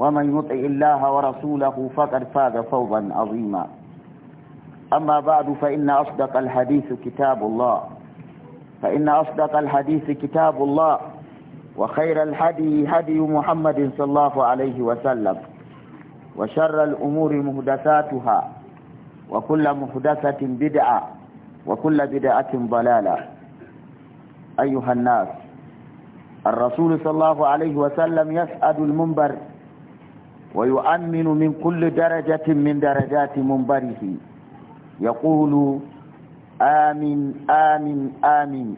ومن يطع الله ورسوله فقد فاز فوضا عظيما أما بعد فإن أصدق الحديث كتاب الله فإن أصدق الحديث كتاب الله وخير الهدي هدي محمد صلى الله عليه وسلم وشر الأمور محدثاتها وكل محدثه بدعة وكل بدعة ضلالة أيها الناس الرسول صلى الله عليه وسلم يسأل المنبر ويؤمن من كل درجة من درجات منبره يقول آمين آمين آمين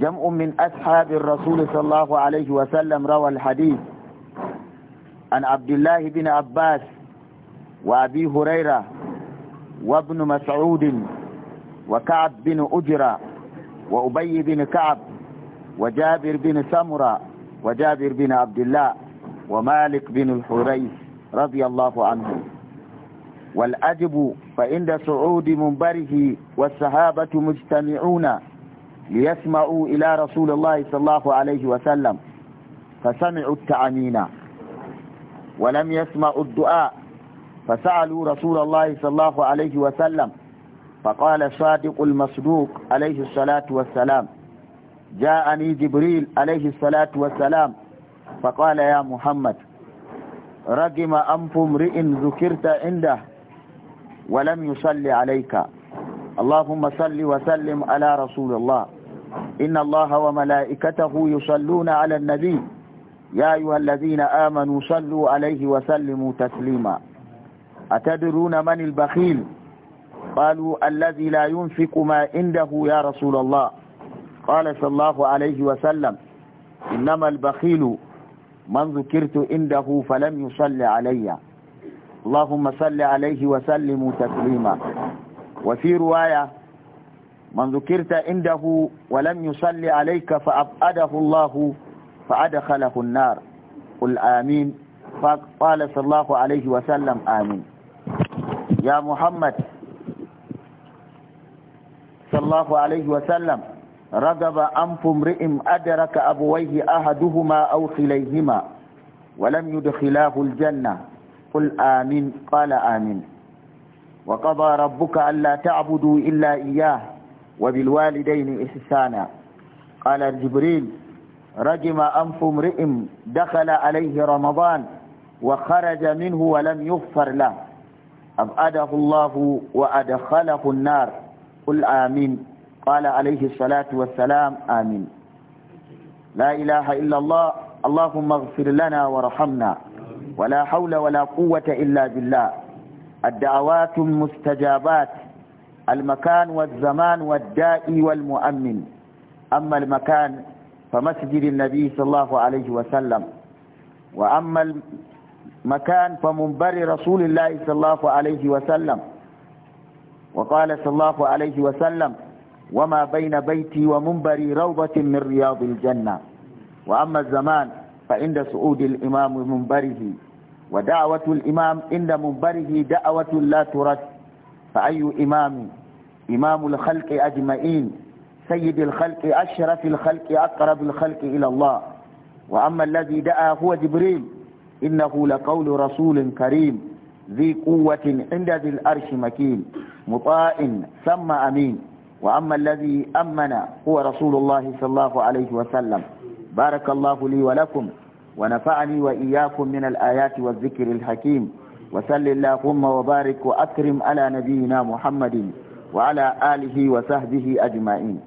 جمع من أصحاب الرسول صلى الله عليه وسلم روى الحديث عن عبد الله بن عباس وأبي هريرة وابن مسعود وكعب بن أجرة وأبي بن كعب وجابر بن سمرة وجابر بن عبد الله ومالك بن الحريث رضي الله عنه والأجب فعند صعود منبره والصحابة مجتمعون ليسمعوا إلى رسول الله صلى الله عليه وسلم فسمعوا التعمين ولم يسمعوا الدعاء فسألوا رسول الله صلى الله عليه وسلم فقال صادق المصدوق عليه الصلاة والسلام جاءني جبريل عليه الصلاة والسلام فقال يا محمد رجم أنف امرئ ذكرت عنده ولم يصلي عليك اللهم صل وسلم على رسول الله إن الله وملائكته يصلون على النبي يا أيها الذين آمنوا صلوا عليه وسلموا تسليما أتدرون من البخيل قالوا الذي لا ينفق ما عنده يا رسول الله قال صلى الله عليه وسلم إنما البخيل من ذكرت عنده فلم يصل علي اللهم صل عليه وسلم تسليما وفي رواية من ذكرت عنده ولم يصل عليك فأبعده الله فأدخله النار قل آمين فقال صلى الله عليه وسلم آمين يا محمد صلى الله عليه وسلم رغب أنف امرئ أدرك أبويه أحدهما أو خليهما ولم يدخلاه الجنة قل آمين قال آمين وقضى ربك ألا تعبدوا إلا إياه وبالوالدين إحسانا قال جبريل رجم أنف امرئ دخل عليه رمضان وخرج منه ولم يغفر له أبعده الله وأدخله النار قل آمين قال عليه الصلاة والسلام آمين لا إله إلا الله اللهم اغفر لنا ورحمنا ولا حول ولا قوة إلا بالله الدعوات المستجابات المكان والزمان والدائي والمؤمن أما المكان فمسجد النبي صلى الله عليه وسلم وأما المكان فمنبر رسول الله صلى الله عليه وسلم وقال صلى الله عليه وسلم وما بين بيتي ومنبري روضة من رياض الجنة وأما الزمان فعند سعود الإمام منبره ودعوة الإمام عند منبره دعوة لا ترد فأي إمام إمام الخلق أجمعين سيد الخلق أشرف الخلق أقرب الخلق إلى الله وأما الذي دعا هو جبريل إنه لقول رسول كريم ذي قوة عند ذي الأرش مكين مطاع ثم أمين وأما الذي أمن هو رسول الله صلى الله عليه وسلم بارك الله لي ولكم ونفعني وإياكم من الآيات والذكر الحكيم وسل اللهم وبارك وأكرم على نبينا محمد وعلى آله وصحبه أجمعين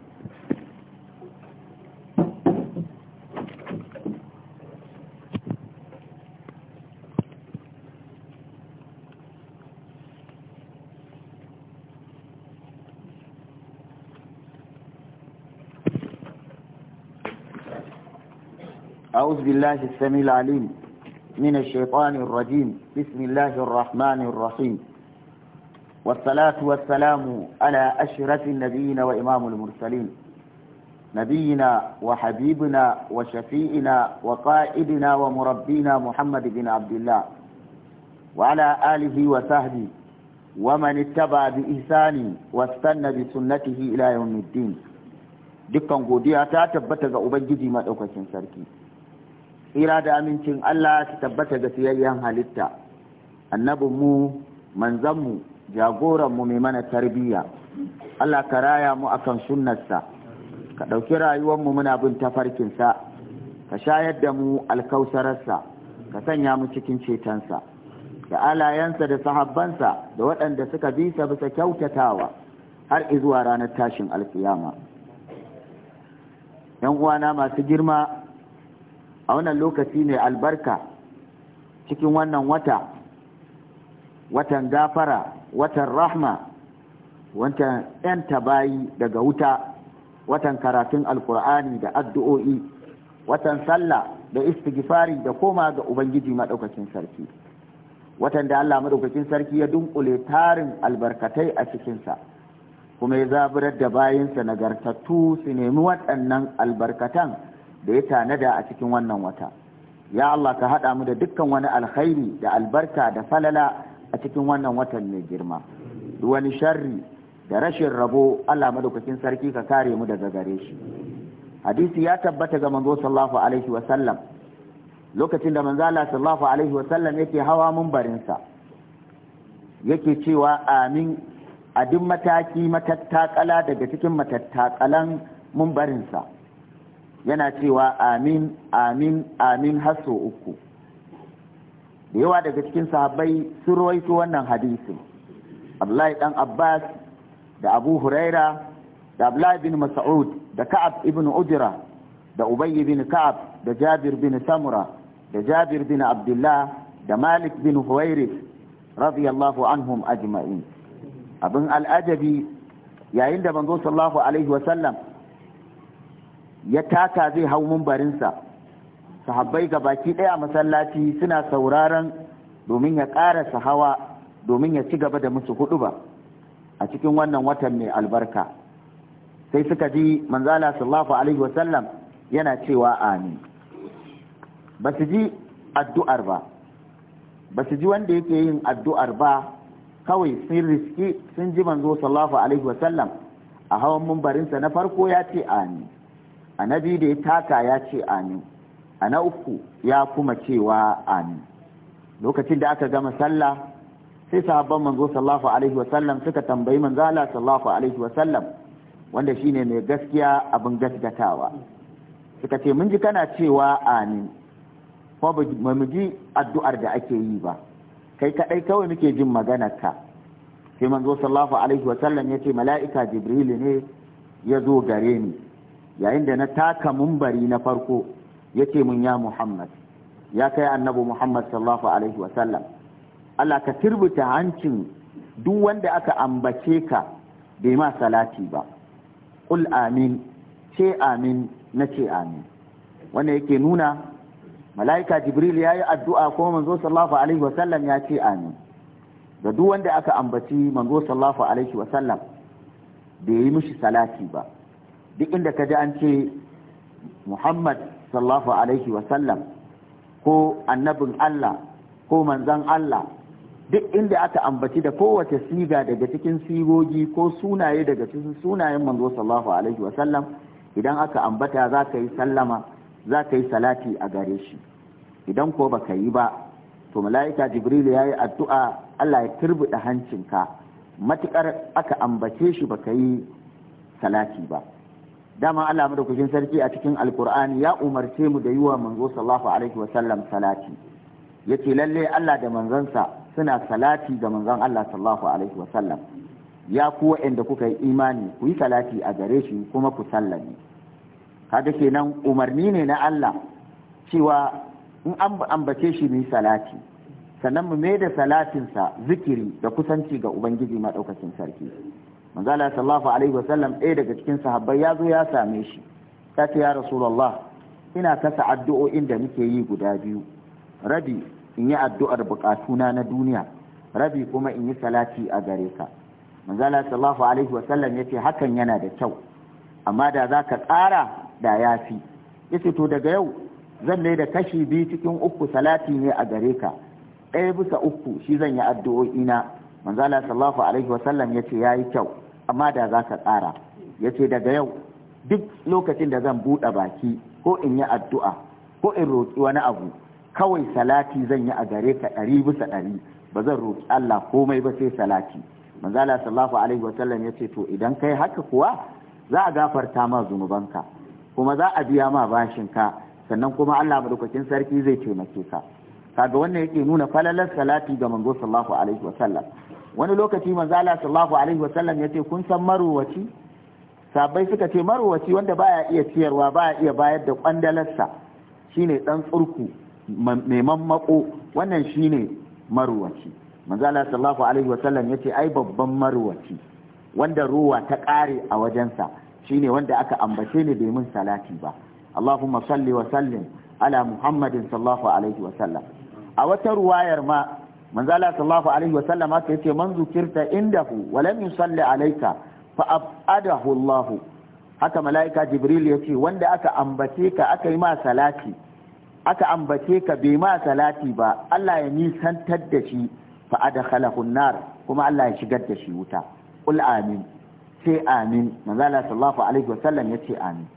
أعوذ بالله السميع العليم من الشيطان الرجيم بسم الله الرحمن الرحيم والصلاة والسلام على أشرف النبيين وإمام المرسلين نبينا وحبيبنا وشفيئنا وقائدنا ومربينا محمد بن عبد الله وعلى آله وصحبه ومن اتبع بإحسان واستنى بسنته إلى يوم الدين dukkan godiya ta tabbata ga Ubangiji maɗaukacin sarki tsira da amincin Allah ta tabbata ga siyayyen halitta annabin mu manzanmu mu jagoran mu mai mana tarbiyya Allah ka raya mu akan sunnarsa ka ɗauki rayuwar mu muna bin tafarkinsa ka shayar da mu alkausararsa ka sanya mu cikin cetonsa da alayensa da sahabbansa da waɗanda suka bi sa bisa kyautatawa har izuwa ranar tashin alkiyama yan uwana masu girma a wannan lokaci ne albarka cikin wannan wata watan gafara watan rahma watan ‘yan tabayi daga wuta watan karatun alkur'ani da addu'o'i watan sallah da istighfari da koma ga ubangiji maɗaukakin sarki watan da allah maɗaukakin sarki ya dunkule tarin albarkatai a cikinsa kuma ya zaburar da bayansa nagartattu su nemi waɗannan albarkatan da ya tanada a cikin wannan wata ya Allah ka haɗa mu da dukkan wani alkhairi da albarka da falala a cikin wannan watan mai girma duk wani sharri da rashin rabo Allah madaukakin sarki ka kare mu daga gare shi hadisi ya tabbata ga manzo sallallahu alaihi wa sallam lokacin da manzo Allah sallallahu alaihi wa sallam yake hawa mumbarin sa yake cewa amin a duk mataki matattakala daga cikin matattakalan mumbarin sa yana cewa amin amin amin hasso uku da yawa daga cikin sahabbai sun rawaito wannan hadisin Abdullahi dan Abbas da Abu Huraira da Abdullahi bin Mas'ud da Ka'ab ibn Ujra da Ubay bin Ka'ab da Jabir bin Samura da Jabir bin Abdullah da Malik bin Huwairith radiyallahu anhum ajma'in abin al'ajabi yayin da manzo sallallahu alaihi wa sallam ya taka zai hau mumbarinsa sahabbai ga baki ɗaya a masallaci suna sauraron domin ya ƙarasa hawa domin ya ci gaba da musu hudu ba a cikin wannan watan mai albarka sai suka ji manzala sallallahu alaihi wasallam yana cewa amin ba su ji addu'ar ba ba su ji wanda yake yin addu'ar ba kawai sun riski sun ji manzo sallallahu alaihi wasallam a hawan mumbarinsa na farko ya ce amin a na biyu da ya taka ya ce amin a na uku ya kuma cewa amin lokacin da aka gama sallah sai sahabban manzo sallallahu alaihi sallam suka tambayi manzo Allah sallallahu alaihi sallam, wanda shine mai gaskiya abin gaskatawa suka ce mun ji kana cewa amin ko ba mu ji addu'ar da ake yi ba kai kadai kawai muke jin maganar ka sai manzo sallallahu alaihi sallam ya ce mala'ika jibril ne ya zo gare ni yayin da na taka mumbari na farko ya ce mun ya Muhammad ya kai annabu Muhammad sallallahu alaihi wasallam Allah ka turbuta hancin duk wanda aka ambace ka bai ma salati ba qul amin ce amin na ce amin wannan yake nuna mala'ika Jibril ya yi addu'a ko manzo sallallahu alaihi wasallam ya ce amin da duk wanda aka ambaci manzo sallallahu alaihi wasallam bai yi mushi salati ba duk inda ka ji an ce Muhammad sallallahu alaihi wasallam ko annabin Allah ko Manzon Allah duk inda aka ambaci da kowace siga daga cikin sigogi ko sunaye daga cikin sunayen manzo sallallahu alaihi wasallam idan aka ambata za ka yi sallama za ka yi salati a gare shi idan ko baka yi ba to mala'ika jibril ya yi addu'a Allah ya turbuɗe hancinka matuƙar aka ambace shi baka yi salati ba dama Allah madaukakin sarki a cikin alkur'ani ya umarce mu da yiwa manzo sallallahu alaihi wasallam salati yace lalle Allah da manzansa suna salati ga manzon Allah sallallahu alaihi wasallam ya ku waɗanda kuka yi imani ku yi salati a gare shi kuma ku sallami, kaga kenan umarni ne na Allah cewa in an ambace shi mu salati sannan mu mai da salatinsa zikiri da kusanci ga ubangiji maɗaukacin sarki manzala sallallahu alaihi sallam ɗaya daga cikin sahabbai ya zo ya same shi ta ce ya rasulullah ina kasa addu'o'in da muke yi guda biyu rabi in yi addu'ar bukatuna na duniya rabi kuma in yi salati a gare ka manzala sallallahu alaihi wasallam ya ce hakan yana da kyau amma da za ka ƙara da ya fi yace to daga yau zan mai da kashi biyu cikin uku salati ne a gare ka ɗaya bisa uku shi zan yi addu'o'ina manzala sallallahu alaihi wasallam ya ce ya yi kyau amma da za ka tsara ya ce daga yau duk lokacin da zan buɗe baki ko in yi addu'a ko in roƙi wani abu kawai salati zan yi a gare ka ɗari bisa ɗari ba zan roƙi Allah komai ba sai salati manzala sallallahu alaihi wa sallam ya ce to idan kai haka kuwa za a gafarta ma zunubanka kuma za a biya ma bashinka sannan kuma Allah madaukakin sarki zai taimake ka kaga wannan yake nuna falalar salati ga manzo sallallahu alaihi wa sallam wani lokaci manzo Allah sallallahu alaihi wasallam yace kun san maruwaci sabai suka ce maruwaci wanda baya iya ciyarwa baya iya bayar da kwandalarsa shine dan tsurku mai mammako wannan shine maruwaci manzo Allah sallallahu alaihi wasallam yace ai babban maruwaci wanda ruwa ta kare a wajensa shine wanda aka ambace ni domin salati ba Allahumma salli wa sallim ala Muhammadin sallallahu alaihi wasallam a wata ruwayar ma manzo Allah sallallahu alaihi wa sallama sai yace man zukirta indahu wa lam yusalli alayka fa abadahu Allah haka malaika jibril yace wanda aka ambace ka aka yi ma salati aka ambace ka bai ma salati ba Allah ya nisantar da shi fa adkhalahu nar kuma Allah ya shigar da shi wuta qul amin sai amin manzo Allah sallallahu alaihi wa sallam yace amin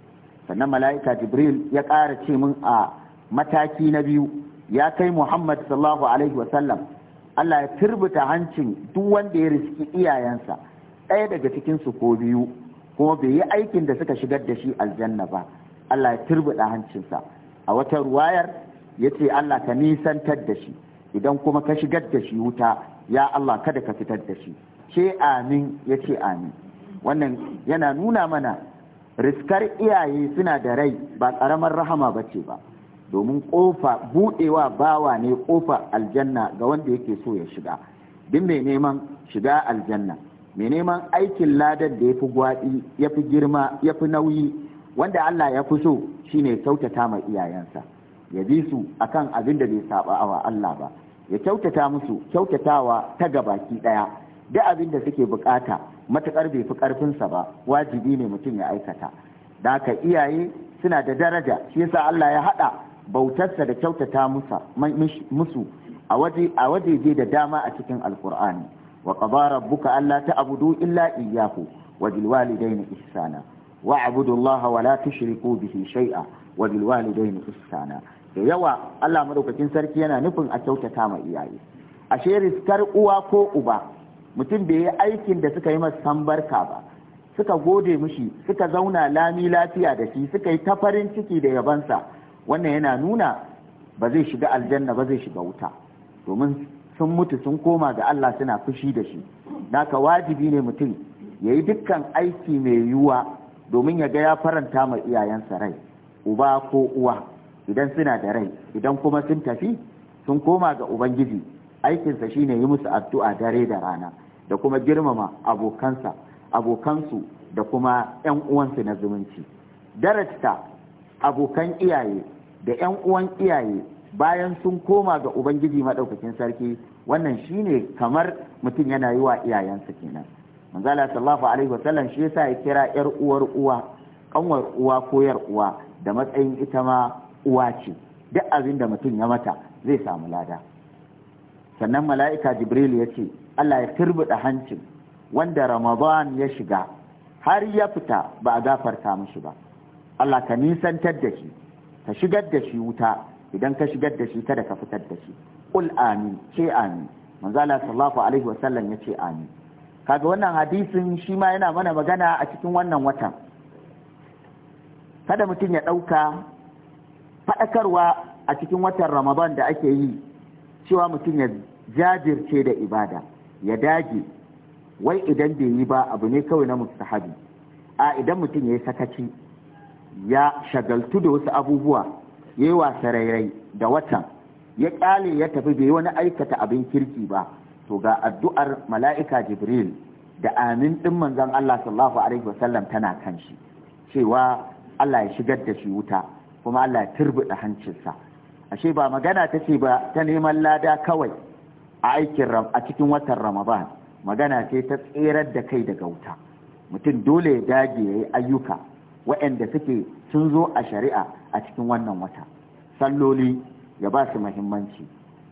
sannan malaika jibril ya ƙara ce min a mataki na biyu ya kai Muhammad sallallahu alaihi wa sallam Allah ya turbuta hancin duk wanda ya riski iyayensa ɗaya daga cikin su ko biyu kuma bai yi aikin da suka shigar da shi aljanna ba Allah ya turbuta hancinsa a wata ruwayar ya ce Allah ka nisantar da shi idan kuma ka shigar da shi wuta ya Allah kada ka fitar da shi ce amin yace amin wannan yana nuna mana riskar iyaye suna da rai ba ƙaramar rahama ba ce ba domin kofa budewa bawa ne kofa aljanna ga wanda yake so ya shiga duk mai neman shiga aljanna mai neman aikin ladar da ya fi gwaɗi ya fi girma ya fi nauyi wanda Allah ya fi so shine kyautata mai iyayensa ya bi su akan abin da bai saba wa Allah ba ya kyautata musu kyautatawa ta gabaki ɗaya, duk abin da suke bukata matuƙar bai fi karfinsa ba wajibi ne mutum ya aikata da ka iyaye suna da daraja shi yasa Allah ya haɗa. bautarsa da kyautata musu a wajeje da dama a cikin alkur'ani wa qada rabbuka alla ta'budu illa iyyahu wa bil walidayni ihsana wa abudu allaha wa la tushriku bihi shay'a wa bil walidayni ihsana da yawa Allah madaukakin sarki yana nufin a kyautata ma iyaye ashe riskar uwa ko uba mutum bai yi aikin da suka yi masa sambarka ba suka gode mishi suka zauna lami lafiya da shi suka yi ta farin ciki da yabansa wannan yana nuna ba zai shiga aljanna ba zai shiga wuta domin sun mutu sun koma ga Allah suna fushi da shi naka wajibi ne mutum ya yi dukkan aiki mai yiwuwa domin ya ga ya faranta ma iyayensa rai uba ko uwa idan suna da rai idan kuma sun tafi sun koma ga ubangiji aikinsa shine yi musu addu'a dare da rana da kuma girmama abokansa abokansu da kuma 'yan uwansu na zumunci darasta abokan iyaye da 'yan uwan iyaye bayan sun koma ga ubangiji maɗaukakin sarki wannan shine kamar mutum yana yi wa iyayensa kenan manzala sallallahu alaihi wasallam shi yasa ya kira yar uwar uwa kanwar uwa ko yar uwa da matsayin ita ma uwa ce duk abin da mutum ya mata zai samu lada sannan mala'ika jibril ya ce Allah ya turbuɗa hancin wanda ramadan ya shiga har ya fita ba a gafarta mishi ba Allah ka nisantar da shi ka shigar da shi wuta idan ka shigar da shi kada ka fitar da shi qul amin ce amin manzo Allah sallallahu alaihi wa sallam ya ce amin kaga wannan hadisin shi ma yana mana magana a cikin wannan watan kada mutum ya ɗauka faɗakarwa a cikin watan ramadan da ake yi cewa mutum ya jajirce da ibada ya dage wai idan bai yi ba abu ne kawai na mustahabi a idan mutum ya yi sakaci ya shagaltu da wasu abubuwa ya yi rairai da watan ya ƙyale ya tafi bai wani aikata abin kirki ba to ga addu'ar mala'ika jibril da amin ɗin manzon Allah sallallahu alaihi wasallam tana kan shi cewa Allah ya shigar da shi wuta kuma Allah ya da hancinsa ashe ba magana ta ce ba ta neman lada kawai a aikin a cikin watan ramadan magana ce ta tserar da kai daga wuta mutum dole ya dage ya yi ayyuka waɗanda suke sun zo a shari'a a cikin wannan wata salloli ya ba su muhimmanci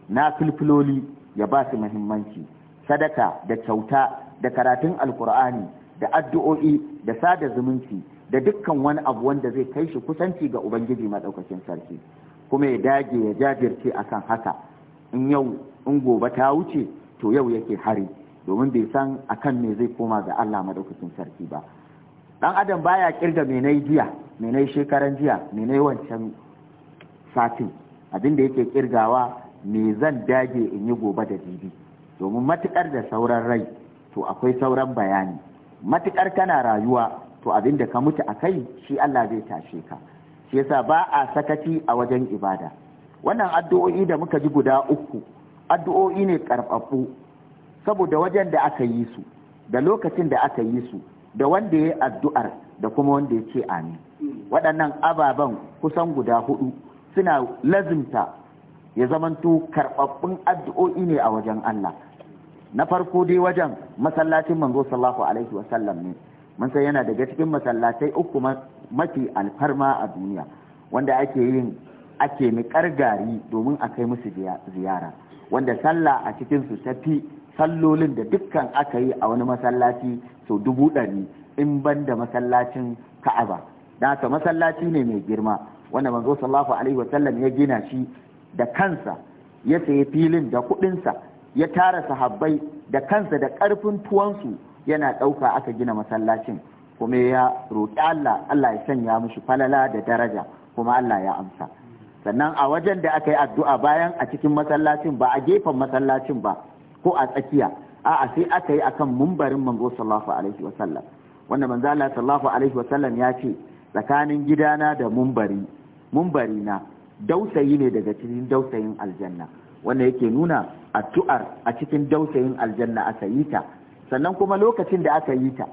na filfiloli ya ba su muhimmanci sadaka da kyauta da karatun alkur'ani da addu'o'i da sada zumunci da dukkan wani abu wanda zai kai shi kusanci ga ubangiji maɗaukakin sarki kuma ya dage ya jajirce akan haka in yau in gobe ta wuce to yau yake hari domin bai san akan me zai koma ga Allah maɗaukakin sarki ba dan adam baya kirga menai jiya menai shekaran jiya menai wancan satin abinda da yake kirgawa me zan dage in yi gobe da jibi domin matukar da sauran rai to akwai sauran bayani matukar kana rayuwa to abinda ka mutu a kai shi Allah zai tashe ka shi yasa ba a sakati a wajen ibada wannan addu'o'i da muka ji guda uku addu'o'i ne karfafu saboda wajen da aka yi su da lokacin da aka yi su da wanda ya yi addu'ar da kuma wanda ya ce amin waɗannan ababen kusan guda hudu suna lazimta ya zamanto karɓaɓɓun addu'o'i ne a wajen Allah na farko dai wajen masallacin manzo sallahu alaihi wasallam ne mun san yana daga cikin masallatai uku mafi alfarma a duniya wanda ake yin ake niƙar gari domin a kai musu ziyara wanda sallah a cikinsu ta fi sallolin da dukkan aka yi a wani masallaci sau dubu ɗari in ban da masallacin ka'aba da haka masallaci ne mai girma wanda manzo sallallahu alaihi wasallam ya gina shi da kansa ya sayi filin da kuɗinsa ya tara sahabbai da kansa da ƙarfin su yana ɗauka aka gina masallacin kuma ya roƙi Allah Allah ya sanya mushi falala da daraja kuma Allah ya amsa sannan a wajen da aka yi addu'a bayan a cikin masallacin ba a gefen masallacin ba ko a tsakiya a'a sai aka yi akan mumbarin manzo sallallahu alaihi wa sallam wanda manzo Allah sallallahu alaihi wa sallam ya ce tsakanin gidana da mumbari mumbari na dausayi ne daga cikin dausayin aljanna wanda yake nuna addu'ar a cikin dausayin aljanna aka yi ta sannan kuma lokacin da aka yi ta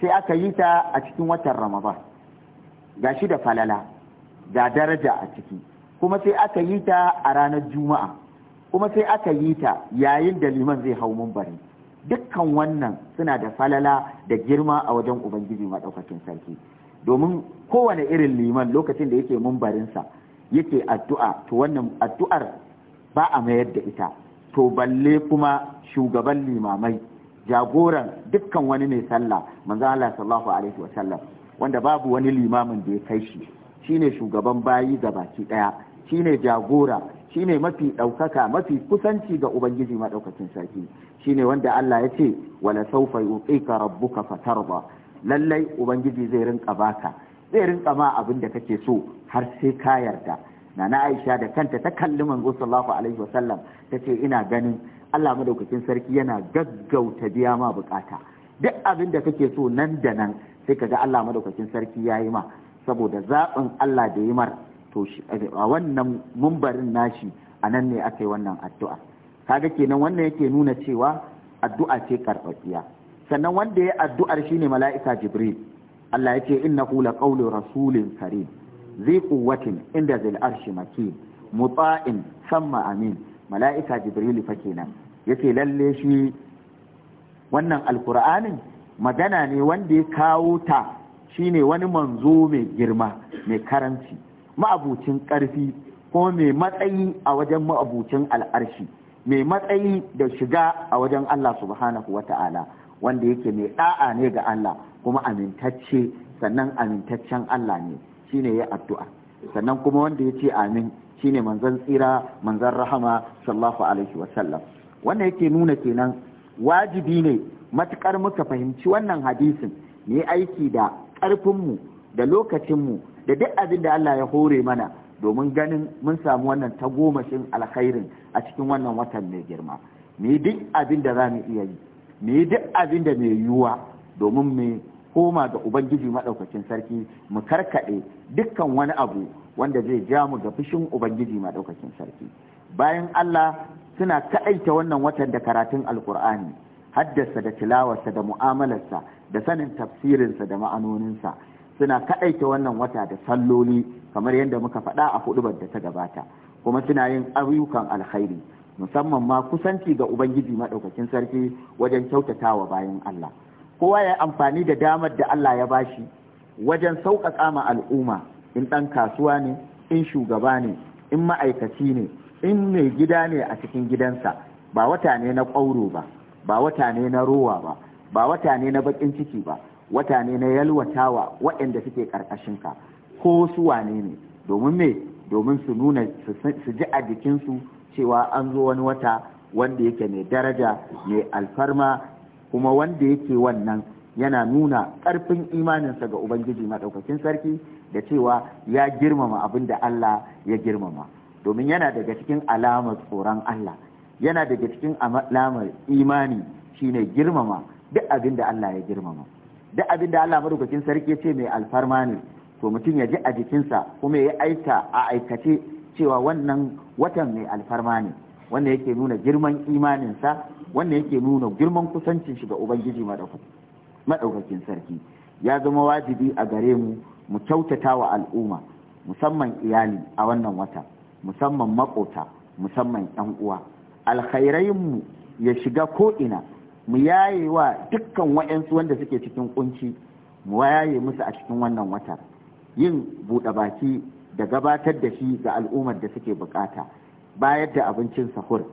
sai aka yi ta a cikin watan ramadan gashi da falala ga daraja a ciki kuma sai aka yi ta a ranar juma'a kuma sai aka yi ta yayin da liman zai hau mumbari dukkan wannan suna da falala da girma a wajen ubangiji maɗaukakin sarki domin kowane irin liman lokacin da yake mumbarinsa yake addu'a to wannan addu'ar ba a mayar da ita to balle kuma shugaban limamai jagoran dukkan wani mai sallah manzo Allah sallallahu alaihi wasallam wanda babu wani limamin da ya kai shi shine shugaban bayi ga baki daya shine jagora shine mafi ɗaukaka mafi kusanci ga ubangiji maɗaukacin sarki shine wanda Allah ya ce wala ka yuqika rabbuka fatarda lallai ubangiji zai rinka baka zai rinka ma abin da kake so har sai ka yarda nana Aisha da kanta ta kalli manzo sallallahu alaihi wasallam tace ina ganin Allah madaukakin sarki yana gaggauta biya ma bukata duk abin da kake so nan da nan sai ka ga Allah madaukakin sarki ya yi ma saboda zaɓin Allah da yi mar to a wannan mumbarin nashi a nan ne aka yi wannan addu'a kaga kenan wannan yake nuna cewa addu'a ce karfafiya sannan wanda ya addu'ar shine mala'ika jibril Allah ya ce kula laqawlu rasulun karim zai ƙuwatin inda zil arshi maki mutsa'in samma amin mala'ika jibril fa kenan yace lalle shi wannan alqur'anin magana ne wanda ya kawo ta shine wani manzo mai girma mai karanci ma'abucin ƙarfi ko mai matsayi a wajen ma'abucin al'arshi mai matsayi da shiga a wajen Allah subhanahu wa ta'ala wanda yake mai ɗa'a ne ga Allah kuma amintacce sannan amintaccen Allah ne shine ya addu'a sannan kuma wanda ya ce amin shine manzan tsira manzan rahama sallallahu alaihi wa sallam wannan yake nuna kenan wajibi ne matukar muka fahimci wannan hadisin ne aiki da ƙarfinmu da lokacinmu da duk abin da Allah ya hore mana domin ganin mun samu wannan tagomashin alkhairin a cikin wannan watan mai girma mu duk abin da za mu iya yi mu duk abin da mai yiwuwa domin mu koma ga ubangiji maɗaukacin sarki mu karkaɗe dukkan wani abu wanda zai ja mu ga fushin ubangiji maɗaukacin sarki bayan Allah suna kaɗaita wannan watan da karatun alkur'ani haddasa da tilawarsa da mu'amalarsa da sanin tafsirinsa da ma'anoninsa suna kaɗaita wannan wata da salloli kamar yadda muka faɗa a huɗubar da ta gabata kuma suna yin ayyukan alkhairi musamman ma kusanci ga ubangiji maɗaukakin sarki wajen kyautata wa bayan Allah kowa ya amfani da damar da Allah ya bashi wajen sauƙaƙa ma al'umma in ɗan kasuwa ne in shugaba ne in ma'aikaci ne in mai gida ne a cikin gidansa ba wata ne na ƙwauro ba ba wata ne na rowa ba ba wata ne na baƙin ciki ba wata ne na yalwatawa waɗanda suke ƙarƙashinka ko su wane ne domin me domin su nuna su ji a jikinsu cewa an zo wani wata wanda yake mai daraja mai alfarma kuma wanda yake wannan yana nuna ƙarfin imaninsa ga ubangiji maɗaukakin sarki da cewa ya girmama abin da Allah ya girmama domin yana daga cikin alamar tsoron Allah yana daga cikin alamar imani shine girmama duk abin da Allah ya girmama duk abin da Allah madaukakin sarki ce mai alfarma ne to mutum ya ji a jikinsa kuma ya aika a aikace cewa wannan watan mai alfarma ne wanda yake nuna girman imaninsa wanda yake nuna girman kusancin shi ga ubangiji madaukakin sarki ya zama wajibi a gare mu mu kyautata wa al'umma musamman iyali a wannan wata musamman makota musamman yan uwa mu ya shiga ko ina mu yaye wa dukkan wa'yansu wanda suke cikin kunci mu yaye musu a cikin wannan wata yin buɗe baki da gabatar da shi ga al'ummar da suke bukata bayar da abincin sahur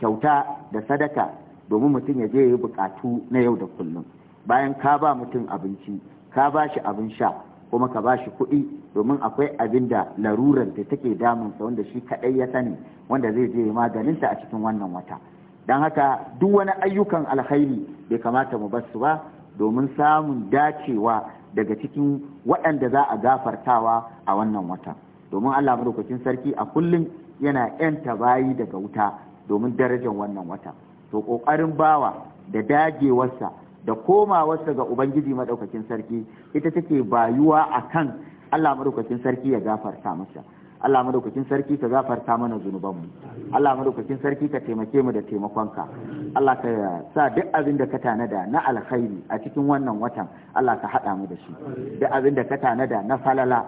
kyauta da sadaka domin mutum ya je ya bukatu na yau da kullum bayan ka ba mutum abinci ka ba shi abin sha kuma ka ba shi kuɗi domin akwai abin da larurar da take damunsa wanda shi kaɗai ya sani wanda zai je maganinta a cikin wannan wata. don haka duk wani ayyukan alkhairi bai kamata mu basu ba domin samun dacewa daga cikin waɗanda za a gafartawa a wannan wata domin Allah madaukakin sarki a kullum yana ‘yanta bayi daga wuta domin darajar wannan wata to ƙoƙarin bawa da dagewarsa da komawarsa ga Ubangiji madaukakin sarki ita take bayuwa a kan Allah madaukakin sarki ya gafarta masa Allah madaukakin sarki ka gafarta mana zunubanmu Allah madaukakin sarki ka taimake mu da taimakonka Allah ka sa duk abin da ka tanada na alkhairi a cikin wannan watan Allah ka haɗa mu da shi duk abin da ka tanada na falala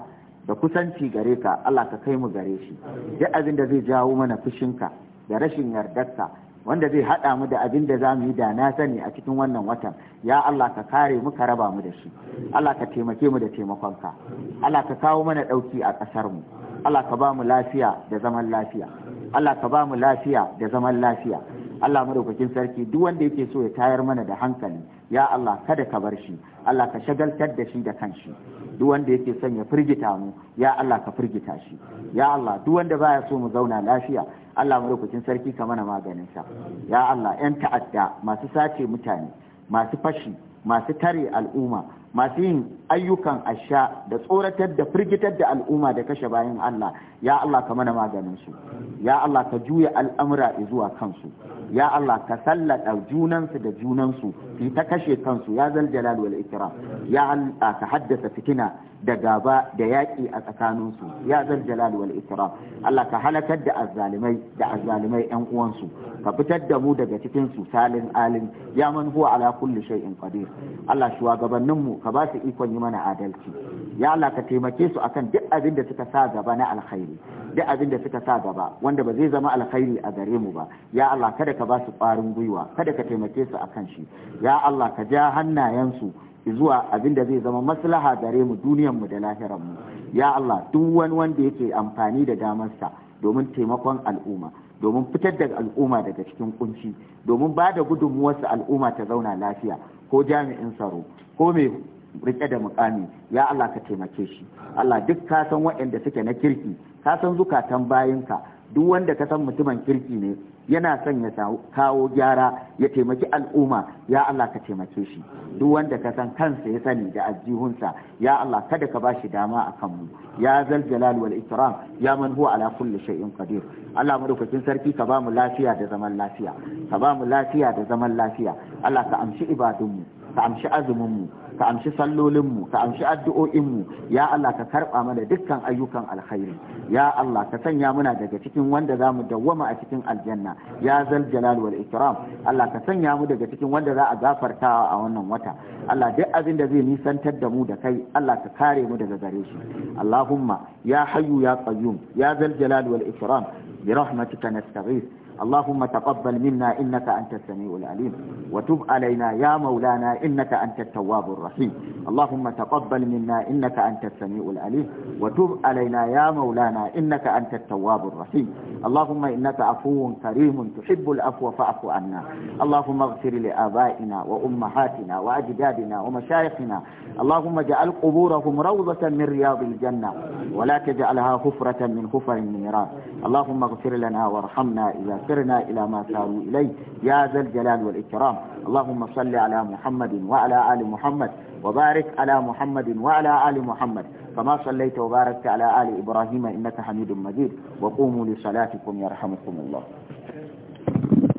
da kusanci gare ka Allah ka kai mu gare shi duk abin da zai jawo mana fushinka da rashin yardarka wanda zai haɗa mu da abin da za mu yi da na sani a cikin wannan watan ya Allah ka kare mu ka raba mu da shi Allah ka taimake mu da taimakonka Allah ka kawo mana ɗauki a ƙasar mu Allah ka ba mu lafiya da zaman lafiya Allah ka ba mu lafiya da zaman lafiya Allah madaukakin sarki duk wanda yake so ya tayar mana da hankali ya Allah kada ka bar shi Allah ka shagaltar da shi da kanshi duk wanda yake son ya firgita mu ya Allah ka firgita shi ya Allah duk wanda baya so mu zauna lafiya Allah madaukakin sarki ka mana maganin sa ya Allah yan ta'adda masu sace mutane masu fashi masu tare al'umma masu yin ayyukan asha da tsoratar da firgitar da al'umma da kashe bayan Allah ya Allah ka mana maganin su ya Allah ka juya al'amura zuwa kansu ya Allah ka sallata junansu da junansu fi ta kashe kansu ya zal jalal wal ikram ya Allah ka haddasa fitina da gaba da yaƙi a tsakaninsu ya zal jalal wal ikram Allah ka halakar da azzalimai da azzalimai ƴan uwansu ka fitar da mu daga cikin su salin alin ya man huwa ala kulli shay'in qadir Allah shugabanninmu ka ba su ikon yi mana adalci ya Allah ka taimake su akan duk abin da suka sa gaba na alkhairi duk abin da suka sa gaba wanda ba zai zama alkhairi a gare mu ba ya Allah kada ka ba su ƙwarin gwiwa kada ka taimake su akan shi ya Allah ka ja hannayensu zuwa abin da zai zama maslaha gare mu duniyar mu da lahirar mu ya Allah duk wani wanda yake amfani da damarsa domin taimakon al'umma domin fitar da al'umma daga cikin kunci domin ba da gudunmuwarsa al'umma ta zauna lafiya ko jami'in tsaro ko mai rike da mukami ya Allah ka taimake shi Allah duk ka san waɗanda suke na kirki ka san zukatan bayinka duk wanda ka san mutumin kirki ne yana son ya kawo gyara ya taimaki al'umma ya Allah ka taimake shi duk wanda ka san kansa ya sani da ajihunsa ya Allah kada ka ba shi dama a kanmu ya zal jalal wal ikram ya man huwa ala kulli shay'in qadir Allah madaukakin sarki ka bamu lafiya da zaman lafiya ka bamu lafiya da zaman lafiya Allah ka amshi ibadunmu ka amshi azumin ka amshi sallolinmu ka amshi addu'o'inmu ya Allah ka karɓa mana dukkan ayyukan alkhairi ya Allah ka sanya muna daga cikin wanda za mu dawwama a cikin aljanna ya zal jalal wal ikram Allah ka sanya mu daga cikin wanda za a gafartawa a wannan wata Allah duk abin da zai nisantar da mu da kai Allah ka kare mu daga gare shi Allahumma ya hayyu ya qayyum ya zal jalal wal ikram bi rahmatika nastaghith اللهم تقبل منا إنك أنت السميع العليم وتب علينا يا مولانا إنك أنت التواب الرحيم اللهم تقبل منا إنك أنت السميع العليم وتب علينا يا مولانا إنك أنت التواب الرحيم اللهم إنك عفو كريم تحب العفو فاعف عنا اللهم اغفر لآبائنا وأمهاتنا وأجدادنا ومشايخنا اللهم اجعل قبورهم روضة من رياض الجنة ولا تجعلها حفرة من حفر النيران اللهم اغفر لنا وارحمنا إذا ووفقنا إلى ما كانوا إليه يا ذا الجلال والإكرام اللهم صل على محمد وعلى آل محمد وبارك على محمد وعلى آل محمد كما صليت وباركت على آل إبراهيم إنك حميد مجيد وقوموا لصلاتكم يرحمكم الله